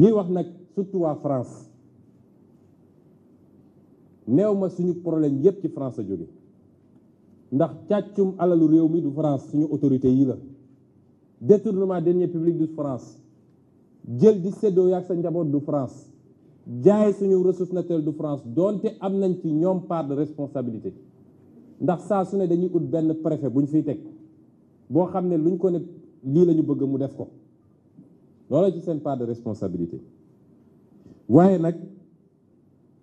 ñuy wax nag surtout waa France neew ma suñu problème yépp ci France a jóge ndax càccum alalu réew mi du France suñu autorité yii la détournement deniers publics du France jël di séddoo yaag sa njaboot du France jaay suñu ressource naturelle du France donte am nañ ci ñoom part de responsabilité ndax saa su ne dañuy ut benn préfet bu ñu fiy teg boo xam ne luñ ko ne lii la ñu bëgg mu def ko loolu ci seen part de responsabilité waaye nag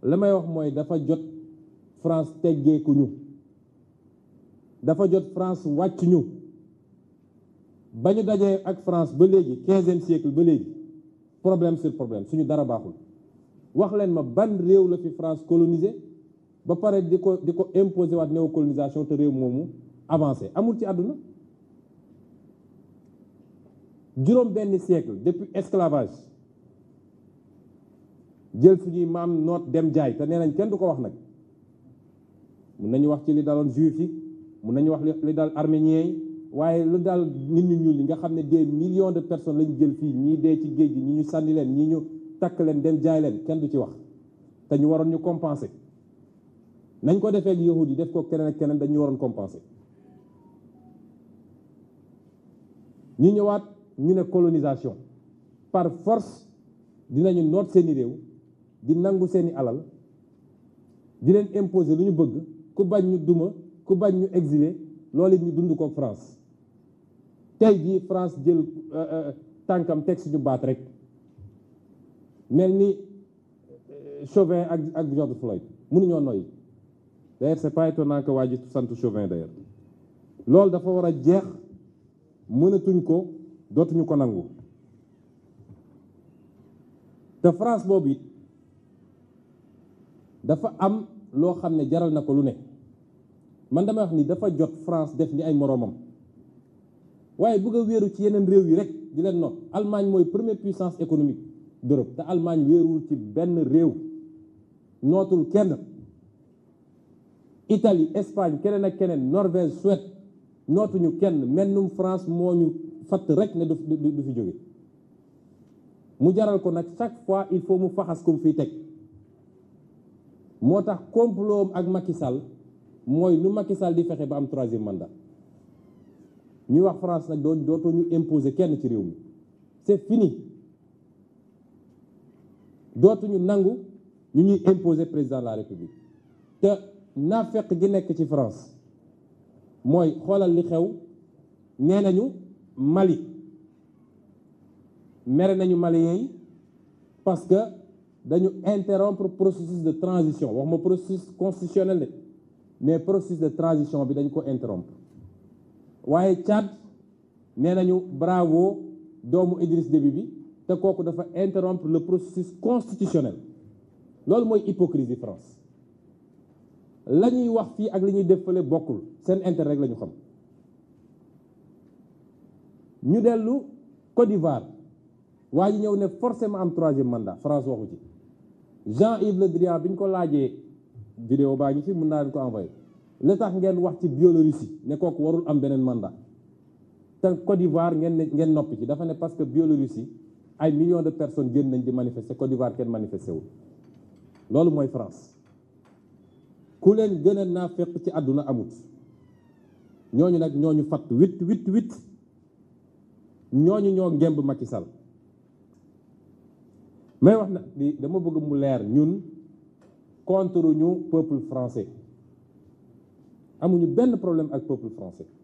la may wax mooy dafa jot France teggeeku ñu dafa jot France wàcc ñu ba ñu dajee ak France ba léegi quinzième siècle ba léegi problème sur problème suñu dara baaxul wax leen ma ban réew la fi France coloniser ba pare di ko di ko imposer waat néocolonisation te réew moomu avancé amul ci àdduna juróom benn siècle depuis esclavage jël ñuy maam noot dem jaay te nee nañ kenn du ko wax nag mun nañu wax ci li daloon juif yi mun nañu wax li dal arméniens yi waaye lu dal nit ñu ñuul yi nga xam ne des millions de personnes lañu jël fii ñii dee ci géej gi ñi ñu sànni leen ñi ñu takk leen dem jaay leen kenn du ci wax te ñu waroon ñu compenser nañ ko defee ak yahud yi def ko keneen ak keneen dañuy waroon compenser ñu ñëwaat. ñu ne colonisation par force dinañu noot seeni réew di nangu seeni alal di leen imposer lu ñu bëgg ku bañ ñu duma ku bañ ñu exiler lool it ñu dund ko France tey jii France jël euh, euh, tànkam teg suñu baat rek mel ni euh, chovin ak ak George Floyd mënuñoo noyyi d'ailleurs c'est pas étonnant waa ji sant Chauvin d'ailleurs loolu dafa war a jeex mënatuñ ko. dootuñu ko nangu te France boobu it dafa am loo xam ne jaral na ko lu ne man dama wax ni dafa jot France def ni ay moroomam waaye bëgg a wéeru ci yeneen réew yi rek di leen not Allemagne mooy première puissance économique d'Europe te Allemagne wéerul ci benn réew nootul kenn Italie Espagne keneen ak keneen norvege Suède nootuñu kenn mennum France moo ñu fatt rek ne du fi jóge mu jaral ko nag chaque fois il faut mu faxas ko mu fiy teg moo tax complot ak Macky mooy nu Macky di fexe ba am troisième mandat ñu wax France nag doo dootoo ñu imposer kenn ci réew mi c'est fini dootuñu nangu ñu ñuy imposer président de la république te naafeq gi nekk ci France mooy xoolal li xew nee nañu Mali mere nañu maliens yi parce que dañu interrompre processus de transition wax ma processus constitutionnel de mais processus de transition bi dañ ko interrompre waaye Tchad nee nañu bravo doomu Idriss Déby bi te kooku dafa interrompre le processus constitutionnel loolu mooy hypocrisie France la ñuy wax fii ak li ñuy def fële bokkul seen intérêt rek la ñu xam ñu dellu Côte d'Ivoire waa ji ñëw ne forcément am troisième mandat France waxu ci Jean-Yves Le Drian bi ñu ko laajee vidéo baa ngi ci mun naa leen ko envoyé li tax ngeen wax ci Biélorussie ne kooku warul am beneen mandat te Côte d'Ivoire ngeen ne ngeen noppi ci dafa ne parce que Biélorussie ay millions de personnes génn nañ di manifester Côte d'Ivoire kenn manifesté loolu mooy France ku leen gën a naafeq ci àdduna amut ñooñu nag ñooñu fatt wit wit wit ñooñu ñoo ngemb Macky sal may wax na di dama bëgg mu leer ñun contre ñu peuple français amuñu benn problème ak peuple français